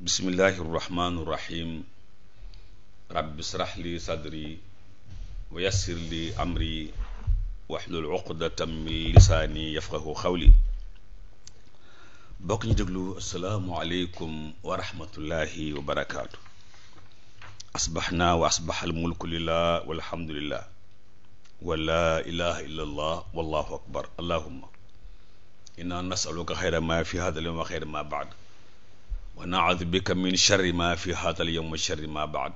bismillahi rrahmani rrahim rabbi israh li sadri wa yassir li amri wahlul uqdatan min lisaani yafqahu xawli bokk ñu déglu asalaamualeykum wa rahmatullahi wa barakaatu asbaxna wa asbaxa almulku lillah walhamdulillah wa la ilaha illa allah wallahu akbar allahumma inna nasaluka xayra ma fi hada al yawm wa xayra ma baad wa naudu bika min sharri ma fi haatal yowm wa sharri ma baad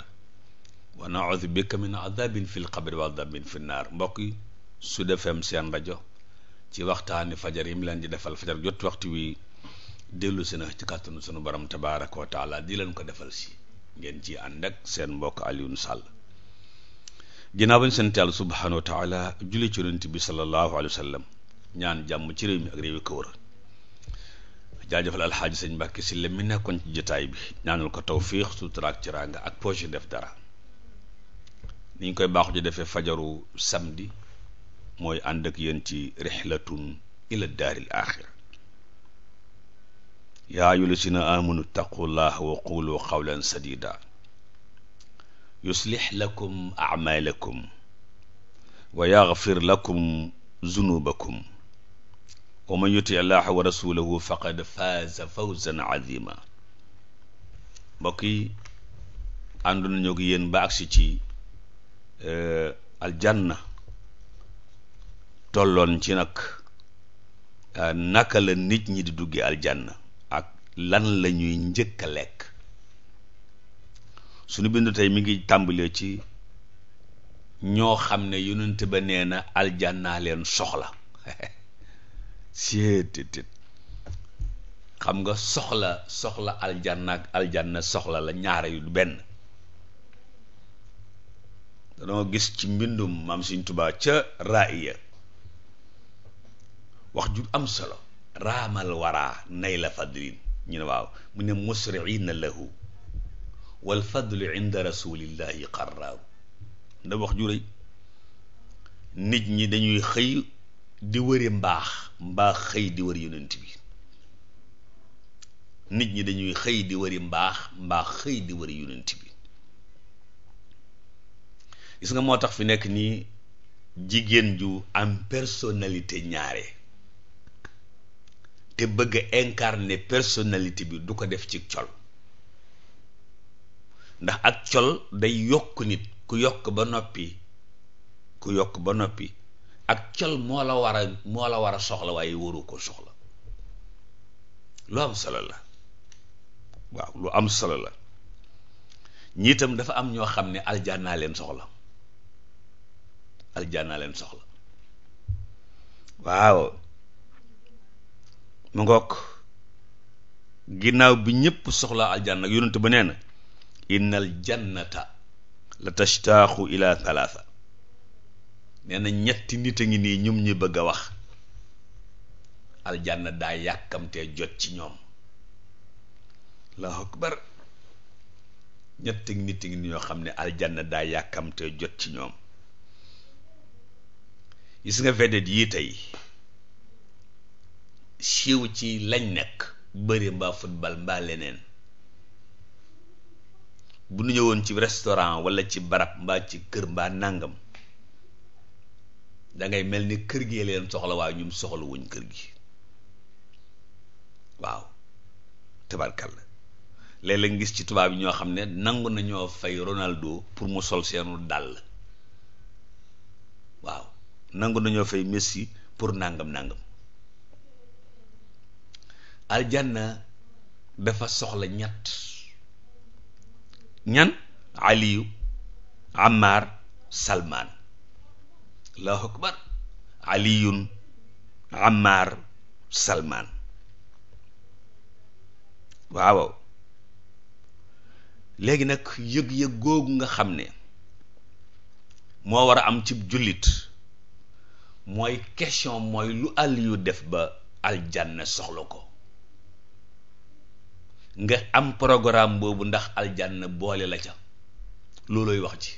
wa naudu bika min adabin fi lqabri wa adabin fi naar mbokk yi Sud FM seen rajo ci waxtaani fajar yi mu leen di defal fajar jot waxtu wi dellu si na ci kàttanu sunu borom tabaaraka wa taala di leen ko defal si ngeen ci ànd ak seen mbokk Alioune Sall ginnaaw bañ sant Yàlla subhaanahu wa taala julli ci yonent bi sallallahu alayhi wa sallam ñaan jàmm ci réew mi ak réew yi ko wër jaajëfal alxaaji sëñ Mbàkke Sylla mi nekkoon ci jotaay bi ñaanal ko tawfiix sutura ak teraanga ak projet def dara ni ñu koy baaxu ci defee fajaru samedi mooy ànd ak yéen ci rixlatun ila daaril axira yaa ayyuhallazina amanu taqullaha wa qulu qawlan sadida yuslix lakum acmaalakum wa yaxfir lakum zunubakum wa man yuti allaha wa rasulahu faqad faaza fawzan azima mbokk yi ànd nañu ak yéen ba agsi ci eh, aljanna tolloon ci nag eh, naka la nit ñi di dugge aljanna ak lan lañuy njëkk a lekk suñu bindu tey mi ngi tàmbalee ci ñoo xam ne yonent ba nee na leen soxla seetetet xam nga soxla soxla aljanna ak soxla la ñaare yu benn danoo gis ci mbindum maam Sëñ Tuubaa ca raaya wax ju am solo raamal waraa nay la fadlin ñu ne waaw mu ne musriina lahu wal fadlu inda rasulillahi qarraabu nda wax ju nit ñi dañuy xëy di wëri mbaax mbaax xëy di wër yonent bi nit ñi dañuy xëy di wëri mbaax mbaax xëy di wëri yonent bi gis nga moo tax fi nekk nii jigéen ju am personnalité ñaare te bëgg a incarner bi du ko def ci col ndax ak col day yokk nit ku yokk ba noppi ku yokk ba noppi ak col moo la war a moo la war a soxla waaye waru ko soxla lu am solo la waaw lu am solo la ñiitam dafa am ñoo xam ne aljanna leen soxla aljanna leen soxla waaw mu ngoog ginnaaw bi ñëpp soxla aljanna yonent ba nee na innal jannata la tashtaaxu ila thalatha nee na ñetti nit a ngi nii ñoom ñu bëgg a wax aljanna daa yàkkamtee jot ci ñoom allahu akbar ñetti nit a xam ne aljanna daa yàkkamtee jot ci ñoom gis nga vedette yii tey siiw ci lañ nekk bari mbaa football mbaa leneen bu nu ñëwoon ci restaurant walla ci barab mbaa ci kër mbaa nàngam dangay mel ni kër gee leen soxla waaye ñum soxla wuñ kër gi waaw tabarkalla la léeg nga gis ci tubaab yi ñoo xam ne nangu nañoo fay Ronaldo pour mu sol seenu dàll waaw nangu nañoo fay Messi pour nangam nangam aljanna dafa soxla ñett ñan aliyu Ammar Salman allahu akbar aliyun ammar salman waaw léegi nag yëg-yëg googu nga xam ne moo war a am cib jullit mooy question mooy lu àll yu def ba aljanna soxla ko nga am programme boobu ndax aljanna boole la ca looloy wax ci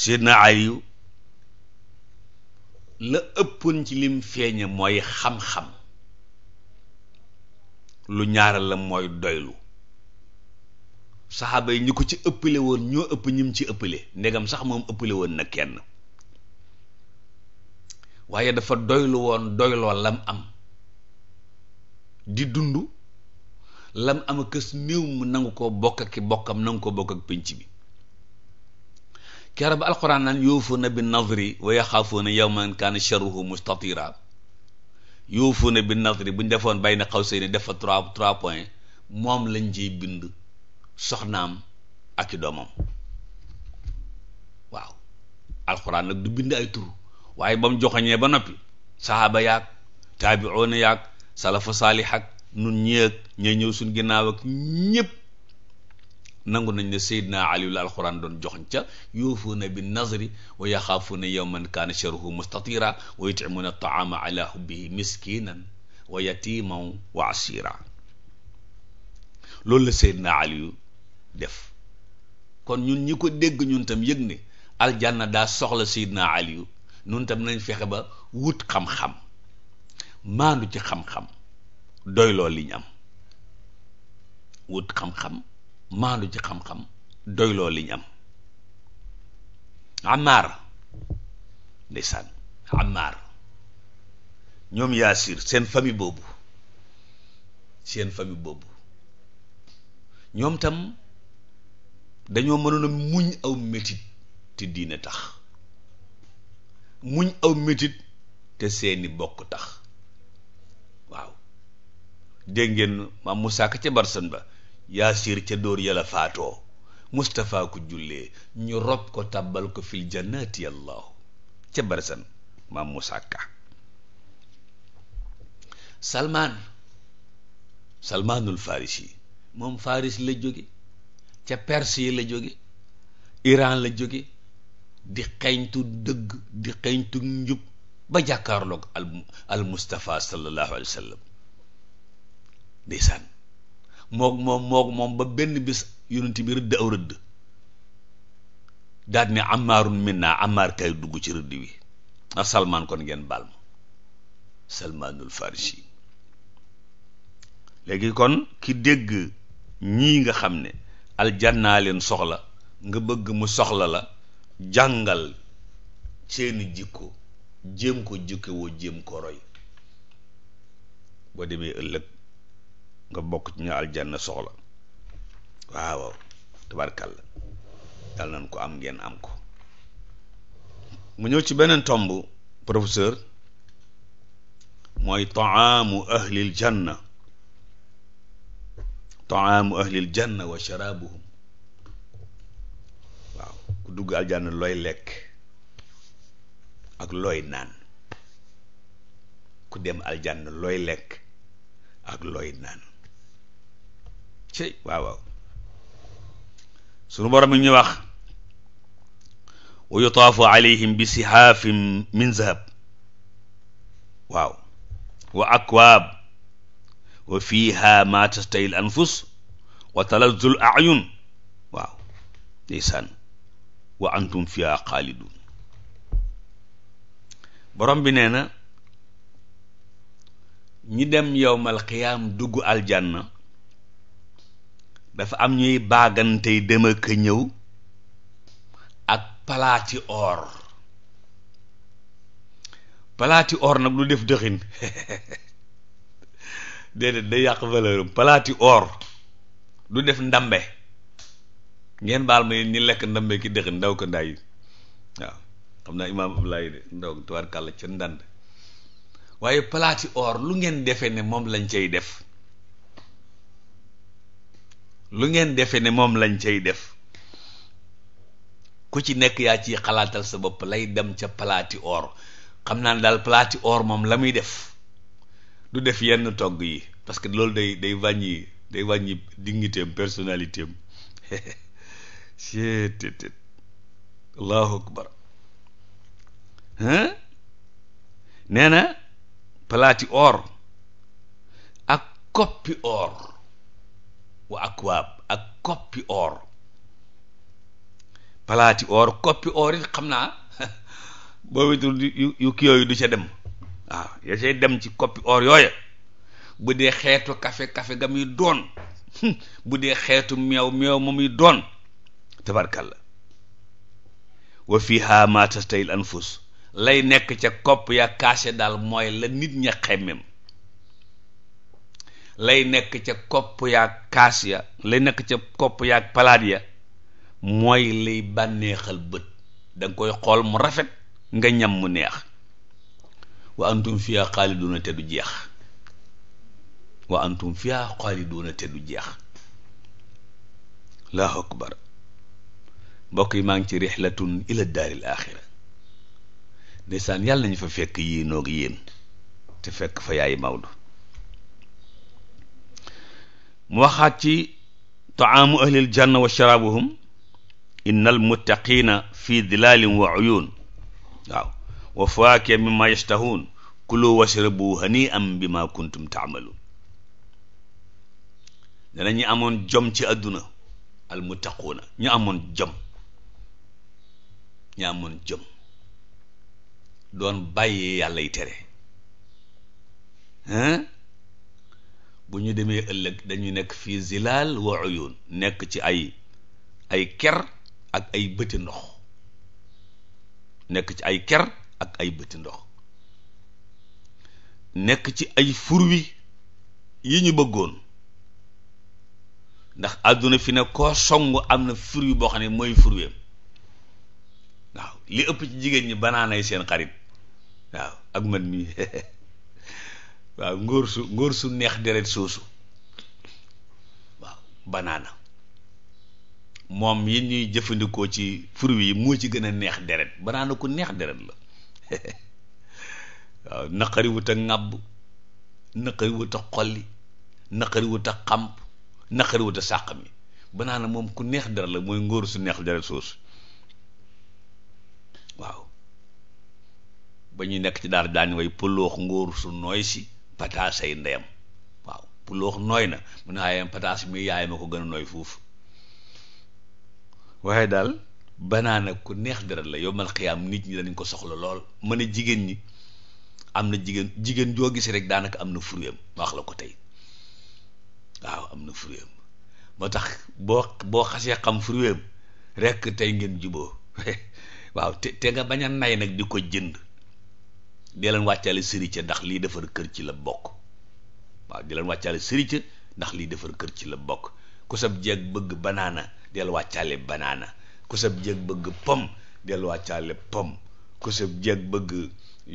sidna aliyu la ëppoon ci lim feeñe mooy xam-xam lu ñaaral la mooy doylu saxaaba yi ñi ko ci ëppale woon ñoo ëpp ñim ci ëppale ndegam sax moom ëppale woon na kenn waaye dafa doylu woon doyloo lam am di dund lam am a kës néew mu nangu ko bokk ak bokkam nangu ko bokk ak pénc bi keroog ba alquran naan yuufuuna bi nadri wa yaxaafuuna yawman kaana sharruhu mustatira yuufuuna bi nadri bu ñu defoon bayna xawsayni def fa trois trois points moom lañ ciy bind soxnaam ak i doomam waaw alquran nag du bind ay tur waaye ba mu joxoñee ba noppi saxaaba yaag taabiroona yaag salafu saalix ak nun ñi ak ña ñëw suñ ginnaaw ak ñëpp nangu nañ ne Seydina Aliou la alxuraan doon joxoñ ca yuufuuna bi nazri wa yaxaafuuna yawman kaana sharruhu mustatira wa yutimuuna wa yatiman wa asira loolu la Seydina Aliou def kon ñun dégg ñun tam daa soxla Seydina Aliou ñun tam nañ fexe ba wut xam-xam maandu ci xam-xam doy lool li am wut xam-xam maandu ci xam-xam doyloo liñ am Ammaar ndeysaan Ammaar ñoom Yaasir seen famille boobu seen famille boobu ñoom tam dañoo mënoon muñ aw métit te diine tax muñ aw metit te seeni bokk tax waaw dégg ngeen maam Moussa ka ca barsan ba yaasir ca dóor yala faatoo Mustapha ku jullee ñu rob ko tàbbal ko fi jannati allahu ca barsan maam musàkka salmaan salmaanul faris moom faris la jóge ca perse la jóge iraan la jóge di xeeñtu dëgg di xeeñtu njub ba jàkkaarloog al al Mustapha sallallahu sallam mook moom mook moom ba benn bis yonent bi rëdd aw rëdd daal ne amaarun minna amaar kay dugg ci rëdd wi ndax salmaan kon ngeen baal ma salmaanul farisi léegi kon ki dégg ñii nga xam ne aljannaa leen soxla nga bëgg mu soxla la jàngal seeni jikko jéem ko jikkewoo jéem ko roy boo demee ëllëg nga bokk ci ñu aljanna soxla waaw waaw tabarkàlla dal nañ ko am ngeen am ko mu ñëw ci beneen tomb professeur mooy taamu ahlil janna taamu ahlil janna waaw ku dugg aljanna looy lekk ak looy naan ku dem aljanna looy lekk ak looy naan cey waaw waaw sunu borom mi ñu wax wa yutaafu alayhim bi sihaafin min zahab waaw wa akwaab wa fiiha ma tastahi l anfus wa talazzu l ayun waaw ndeysaan wa antum fiha xaalidun borom bi nee na ñi dem yowmal qiyaam dugg aljanna dafa am ñuy baagantey dem ak ñëw ak palaati or palaati or nag lu def dëxin déedéet da yàq valeuram palaati or du def ndambe ngeen baal ma yéen lekk ndambe ki dëxin ndaw ko nday waaw xam naa imaam Abdoulaye de ndaw tuwaar kàlla ca ndànd waaye palaati or lu ngeen defee ne moom lañ cay def lu ngeen defe ne moom lañ cay def ku ci nekk yaa ciy xalaatal sa bopp lay dem ca palaati or xam naa ne daal palaati or moom la muy def du def yenn togg yi parce que loolu day day wàññi day wàññi dignité am personnalité allahu akbar nee na palaati or ak koppi or wa akwaab ak koppi or palaati or koppi or it xam naa boo witul yu yu kii du ca dem waaw ya dem ci koppi or yooya bu dee xeetu kafe kafe ga muy doon bu dee xeetu meew meew ma muy doon tabarkalla wa fiha ma tastahil anfus lay nekk ca kopp ya kaase daal mooy la nit ña xemmem lay nekk ca kopp yaag kaas ya lay nekk ca kopp yaag palaat ya mooy lay bànneexal bët danga koy xool mu rafet nga ñam mu neex wa antum fiha xaaliduuna te jeex wa antum fiha xaaliduuna te du jeex allahu akbar mbokk yi maa ngi ci rixlatun ila daaril axira ndeysaan yàlla ñu fa fekk yii noog yéen te fekk fa yaay Maodo mu waxaat ci taamu ahlil janna wa sharaabuhum innal muttaqiina fi dilaalin wa uyuun waaw wa faake mimma yashtahuun kulu washrabu hani am bi ma kuntum taamaluun dana ñi amoon jom ci àdduna al muttaquuna ñu amoon jom ñu amoon jom doon bàyyi yàlla yi tere hein bu ñu demee ëllëg dañuy nekk fii zilaal wa uyun nekk ci ay ay ker ak ay bëti ndox nekk ci ay ker ak ay bëti ndox nekk ci ay furwi yi ñu bëggoon ndax àdduna fi ne koo song am na furwi boo xam ne mooy furweem waaw li ëpp ci jigéen ñi banaanay seen xarit waaw ak man mii waaw ngóor su ngóor su neex deret soosu waaw banaana moom yi ñuy jëfandikoo ci fruits yi moo ci gën a neex deret banaana ku neex deret la waaw naqari wut a ŋàbb naqari xolli naqari wut a sàq mi banaana moom ku neex deret la mooy ngóor su neex deret soosu waaw ba ñu nekk ci daal daañu way pëloox ngóor su nooy si pataasay ndeyam waaw bu nooy na mu ne waaye pataas mi yaay ma ko gën a nooy foofu waaye daal banaana ku neex deret la yombal xiyaam nit ñi dañ ko soxla lool mën a jigéen ñi am na jigéen jigéen joo gis rek daanaka am na fureem ma la ko tey waaw am na fureem moo tax boo boo xasee xam fureem rek tey ngeen juboo waaw te te nga bañ nay nag di ko jënd dee leen wàccaale sërica ndax lii defar kër ci la bokk waaw dee leen wàccaale sërica ndax lii defar kër ci la bokk ku sab jeeg bëgg banaana deel wàccaale banaana ku sab jeeg bëgg pom deel wàccaale pom ku sab jeeg bëgg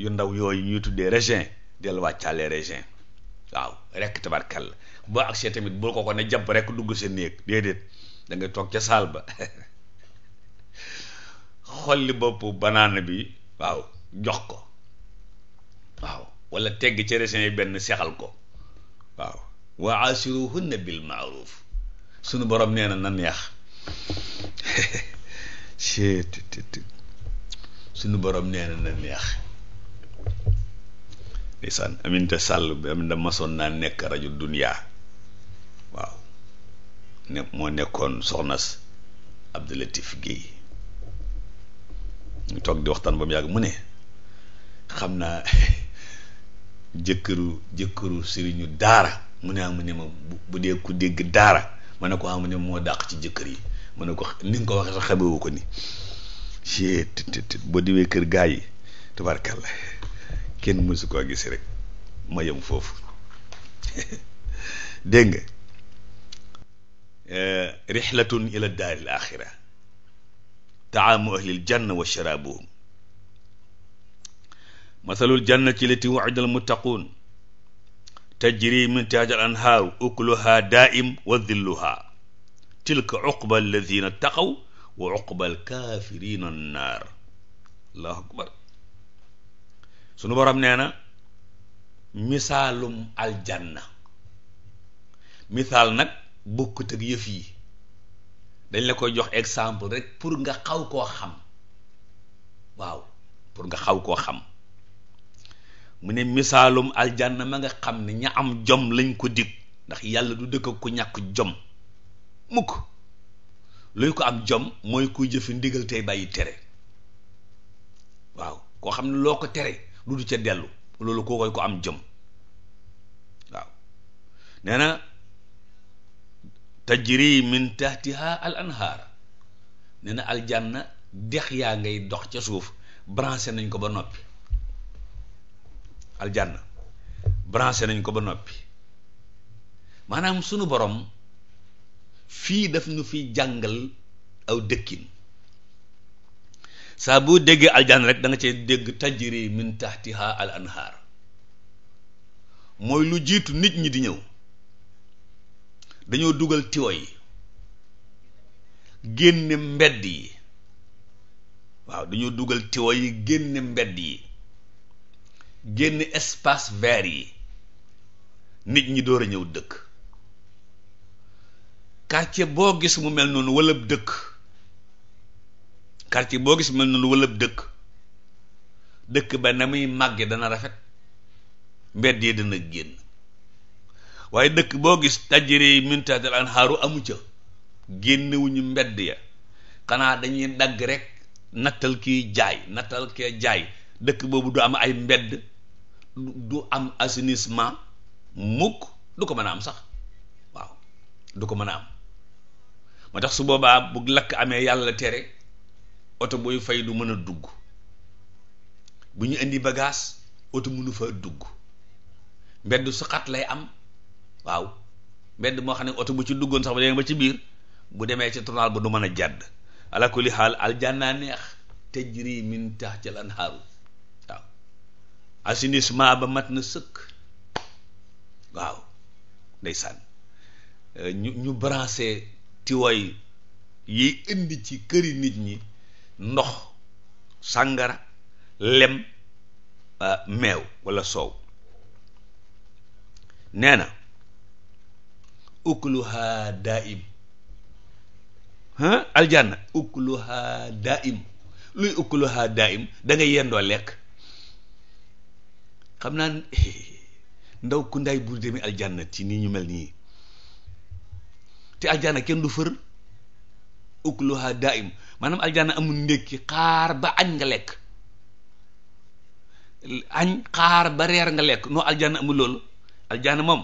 yu ndaw yooyu ñuy tuddee régin deel wàccaale régin waaw rekk tabarkal boo agsee tamit boo ko ko ne jàpp rekk dugg sa néeg déedéet da ngay toog ca saal ba xolli boppu banaana bi waaw jox ko waaw walla tegg ci resin yi benn sexal ko waaw wa aasiruhunna bil maaruf sunu borom nee na na neex sunu borom nee na na neex sàll masoon naa nekk rajo duniyaa waaw ne moo nekkoon soxnas Abdoulatif Guèye ñu toog di waxtaan ba mu yàgg mu ne xam naa jëkkëru jëkkëru sëriñu daara mu ne ah mu ne ma bu dee ku dégg daara ma ne ko ah ne moo dàq ci jëkkër yi ma ne ko ni nga ko waxee sax ko ni ci boo demee kër gaa yi la kenn mësu koo gis rek ma yem foofu dégg nga eh, rixlatun ila daaril axira taamu ahlil janna wa sharaabuhum masalul jannati lati wu'ida al muttaquun tajri min tahtiha al anhaaru ukluha daa'im wa dhilluha tilka uqba alladina taqaw wa uqba alkaafirina annaar allahu akbar sunu borom nee na misaalum aljanna misaal nag bokkut ak yëf yi dañ la koy jox exemple rek pour nga xaw koo xam waaw pour nga xaw koo xam mu ne misaalum aljanna ma nga xam ne ña am jom lañ ko dig ndax yàlla du dëkk ku ñàkk jom mukk luy ko am jom mooy kuy jëfi ndigal tey bàyyi tere waaw koo xam ne loo ko tere lu du ca dellu loolu koo koy ko am jom waaw nee na tajri min tahtiha al anhaar nee na aljanna dex yaa ngay dox ca suuf branché nañ ko ba noppi aljanna branché nañ ko ba noppi maanaam sunu boroom fii daf nu fi jàngal aw dëkkin saa boo déggee aljanna rek da nga dégg tajri min tahtiha al anhaar mooy lu jiitu nit ñi di ñëw dañoo dugal tiwo yi génne mbedd yi waaw dañoo dugal tiwo yi génne mbedd yi génn espace vert yi nit ñi door a ñëw dëkk quartier boo gis mu mel noonu wala dëkk boo gis mel noonu wala dëkk dëkk ba na muy màgge dana rafet mbedd yi dana génn waaye dëkk boo gis tajjiri yi min tahtil anhaaru amu ca génnewuñu mbedd ya xanaa dañuy dagg rek nattal kiy jaay nattal kee jaay dëkk boobu du am ay mbedd du am assainissement mukk du ko mën a am sax waaw du ko mën a am moo tax su boobaa bu lakk amee yàlla tere oto booy fay du mën a dugg bu ñu indi bagaas oto mënu fa dugg mbedd su lay am waaw mbedd moo xam ne oto bu ci duggoon sax bu demee ba ci biir bu demee ci tournal ba du mën a jàdd ala kulli xaal aljannaa neex tajri min tax ci lanhaaru assainissement ba mat na sëkk waaw ndeysaan euh, ñu ñu branché tiwoy yi indi ci këri nit ñi ndox sàngara lem euh, meew walla soow nee na ukluha daim aljanna ukluha daim luy ukluha daim da nga yendoo lekk xam naa ndaw ku ndaay bu demee aljanna ci nii ñu mel nii te aljanna kenn du fër ukluha daim maanaam aljanna amul ndékki xaar ba añ nga lekk añ xaar ba reer nga lekk noo aljanna amul loolu aljanna moom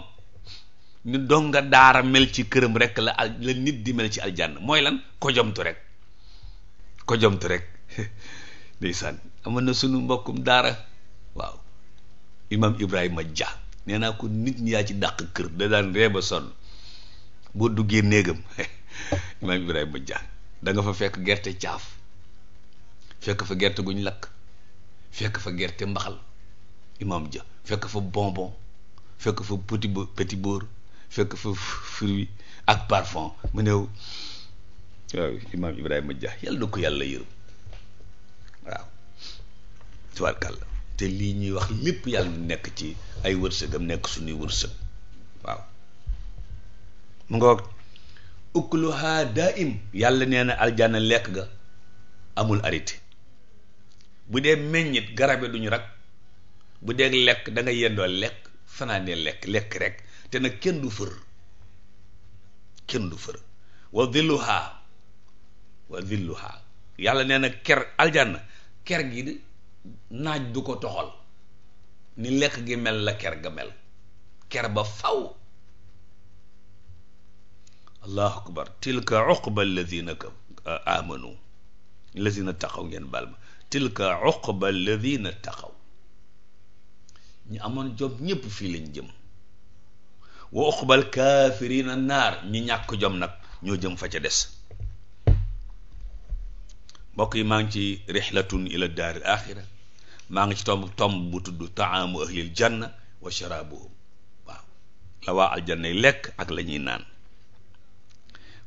ñu dong nga daara mel ci këram rek la al la nit di mel ci aljanna mooy lan ko rek ko jomtu rek ndeysaan amoon na sunu mbokkum daara waaw imam Ibrahima Dia nee naa ko nit ñi yaa ci dàq kër da daan ree ba sonn boo duggee néegam imam Ibrahima Dia da fa fekk gerte caaf fekk fa gerte guñ lakk fekk fa gerte mbaxal imam Dia fekk fa bonbon fekk fa petit petit beurre fekk fa fruit ak parfum mu néew waaw imam Ibrahima Dia yàlla na ko yàlla yërëm waaw te lii ñuy wax lépp yàlla nekk ci ay wërsëgam nekk suñuy wërsëg waaw mu nga wax ukluha daim yàlla nee na aljana lekk ga amul arité bu dee meññit garabe duñu rak bu dee lekk da yendoo lekk fanaanee lekk lekk rek te nag kenn du fër kenn du fër wa dhilluha wa dhilluha yàlla nee ker aljana ker gi naaj du ko toxal ni lekk gi mel la ker ga mel ker ba faw allahu akbar tilka uqba alladina amanu alladina taqaw ngeen baal ma tilka uqba alladina taqaw ñu amoon jom ñépp fii lañ jëm wa uqbal kaafirina naar ñi ñàkk jom nag ñoo jëm fa ca des mbokk yi maa ngi ci rixlatun ila daar al axira maa ngi ci tomb tomb bu tudd taamu ahlil janna wa sharaabuhum waaw la waa aljanna yi lekk ak la ñuy naan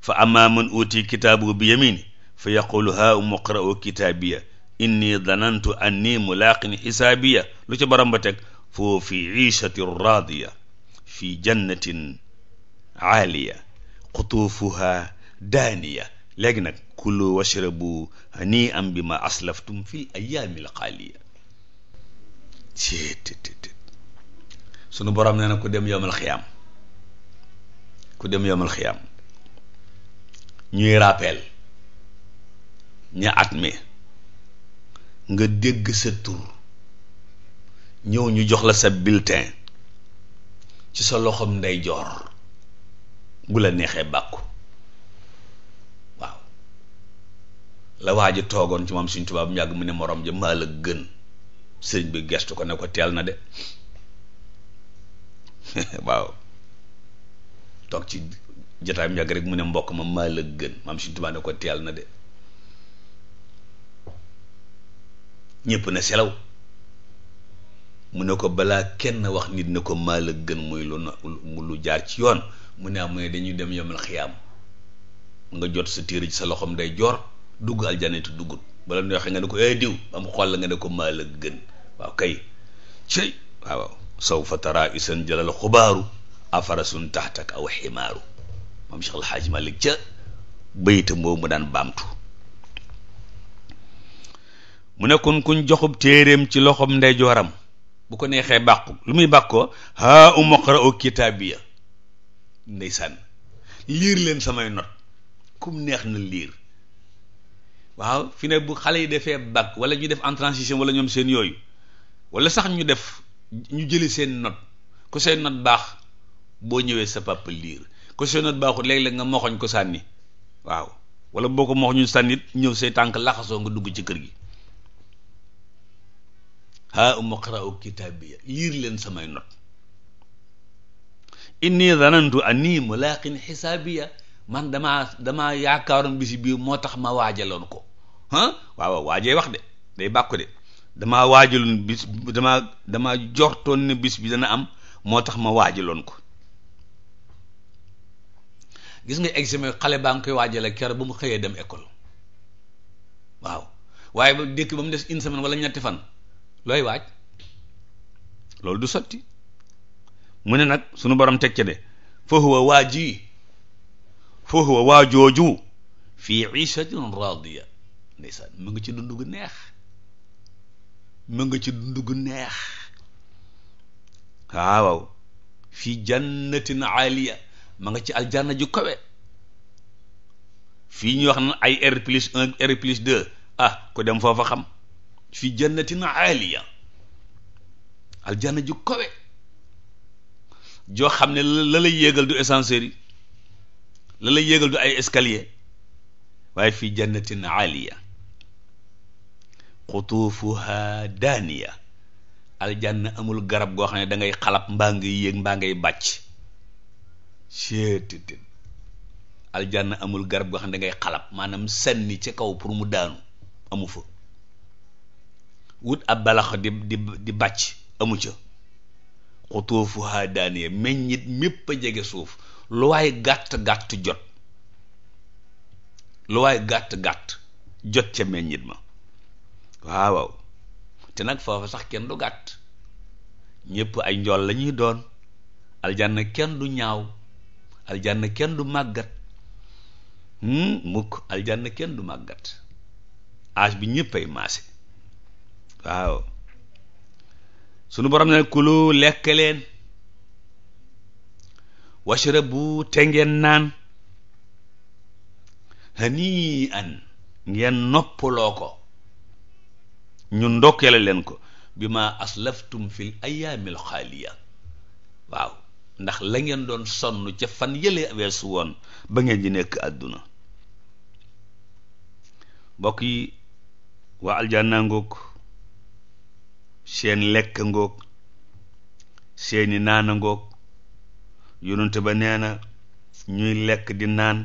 fa amma man uti kitaabu bi yamini fa yaqulu haa muqra'u kitaabiya inni danantu anni mulaaqin xisaabiya lu ci borom ba teg foo fi iishati raadiya fi jannatin aaliya xutuufuha daaniya léegi nag kulu washrabu hani am bi ma aslaftum fi ayaami alxaaliya ci sunu borom nee na ku dem yomal xiyaam ku dem yomal xiyaam ñuy rappel ña at nga dégg sa tur ñëw ñu jox la sa bulletin ci sa loxom ndeyjoor bu la neexee bàkku waaw la waa ji toogoon ci moom suñu tubaab mu yàgg mu ne moroom ja maa la gën sëriñ bi gestu ko ne ko teel na de waaw toog ci jotaayam yàgg rek mu ne mbokk ma maa la gën maam Sëriñ Tuubaa ne ko teel na de ñépp na selaw mu ne ko balaa kenn wax nit ne ko maa gën muy lu mu lu jaar ci yoon mu ne am mu ne dañuy dem yomal xiyaam nga jot sa téere ci sa loxoom day joor dugg aljanna te duggut bala ñu waxee nga ne ko ay diw am xool la nga ne ko maa la gën waaw kay cey waaw waaw sawfa tara isan jëlal xubaaru afarasun taxtak aw ximaaru moom Cheikh Al Hadj Malick ca baytam boobu mu daan baamtu mu nekkoon kuñ joxub téeréem ci loxom ndeyjooram bu ko neexee bàqu lu muy bàqoo haa umaqra u kitaabiya ndeysaan liir leen samay not kum neex na liir waaw fi ne bu xale yi defee bac wala ñuy def en transition wala ñoom seen yooyu wala sax ñu def ñu jëli seen not ku seen note baax boo ñëwee sa papa liir ku seen note baaxul léeg-léeg nga moxoñ ko sànni waaw wala boo ko moxoñu sànnit ñëw say tànk laxasoo nga dugg ci kër gi haa umu qra'u kitaabiya liir leen samay note inni zanantu anni mulaqin xisaabiya man damaa damaa yaakaaroon bisi biir moo tax ma waajaloon ko ah waaw waaw waajee wax de day bàkku de damaa waajaloon bis damaa damaa jortoon ne bis bi dana am moo tax ma waajaloon ko gis nga examen xale baa nga koy waajal ak kër ba mu xëyee dem école waaw waaye ba dëkk ba mu des une semaine wala ñetti fan looy waaj loolu du sotti mu ne nag sunu borom teg ca de huwa waa ji fa huwa waa jooju fii ishatin radiya ndeysaan mu ngi ci dund gu neex mu nga ci dund gu neex waaw fii jannatin aaliya ma nga ci aljanna ju kowe fii ñuy wax na ay R plus un R plus deux ah ku dem foofa xam fii jannatin aaliya aljanna ju kowe joo xam ne la lay yéegal du ascenseur la lay yéegal du ay escalier waaye fii jannatin aaliya xutuufuha daaniya aljanna amul garab goo xam ne dangay ngay xalab mbaa ngay yéeg mbaa ngay bàcc seetitit aljanna amul garab goo xam ne da ngay xalab maanaam sànni ca kaw pour mu daanu amu fa wut ab balax di di di bàcc amu ca xutuufuha daaniya meññit mépp a jege suuf lu waay gàtt-gàtt jot lu waay gàtt-gàtt jot ca meññit ma waaw te nag foofu sax kenn du gàtt ñëpp ay njool lañuy ñuy doon aljanna kenn du ñaaw aljanna kenn du màggat hmm? mukk aljanna kenn du màggat âge bi ñëpp ay maase waaw sunu borom ne kulu lekk leen washrabu te ngeen naan hanii an ngeen noppaloo ko ñu ndokkeele leen ko bi ma aslaftum fil ayaamil xaaliya waaw ndax la ngeen doon sonn ca fan yële weesu woon ba ngeen di nekk àdduna mbokk yi waa aljanna ngoog seen lekk ngoog seeni naana ngoog yonente ba nee na ñuy lekk di naan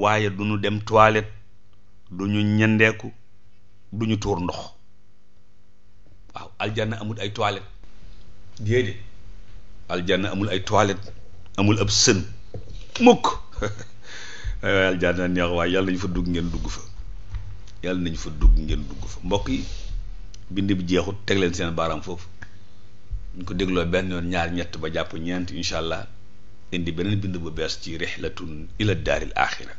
waaye du ñu dem toilette du ñu ñendeeku du ñu tuur ndox aljanna amul ay toilette déedéet aljanna amul ay toilette amul ab sën mukk waaye aljanna neex waaye yàlla nañ fa dugg ngeen dugg fa yàlla nañ fa dugg ngeen dugg fa mbokk yi bind bi jeexut teg leen seen baaraam foofu ñu ko dégloo benn yoon ñaar ñett ba jàpp ñeent incha allah indi beneen bind bu bees ci rixlatun ila daaril axira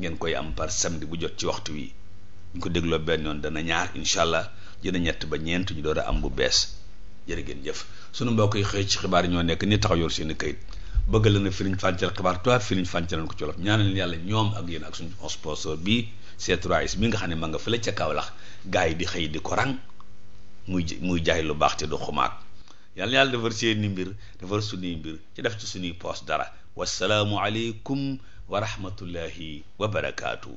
ngeen koy am par samedi bu jot ci waxtu wi ñu ko dégloo benn yoon dana ñaar incha allah jënd ñett ba ñeent ñu door am bu bees jërë ngeen jëf sunu mbokk yi xëy ci xibaar yi ñoo nekk ni taxaw yor seen i kayit bëgg la na firiñ fàncal ko ci wolof ñaanal leen yàlla ñoom ak yéen ak suñu sponsor bii C3S nga xam ne ma nga fële ca Kaolack gars yi di xëy di ko rang muy muy jaay lu baax te du xumaak yàlla yàlla defar seeni mbir defar suñuy mbir ci def ci suñuy poos dara wasalaamualeykum wa rahmatullahi wa barakaatu.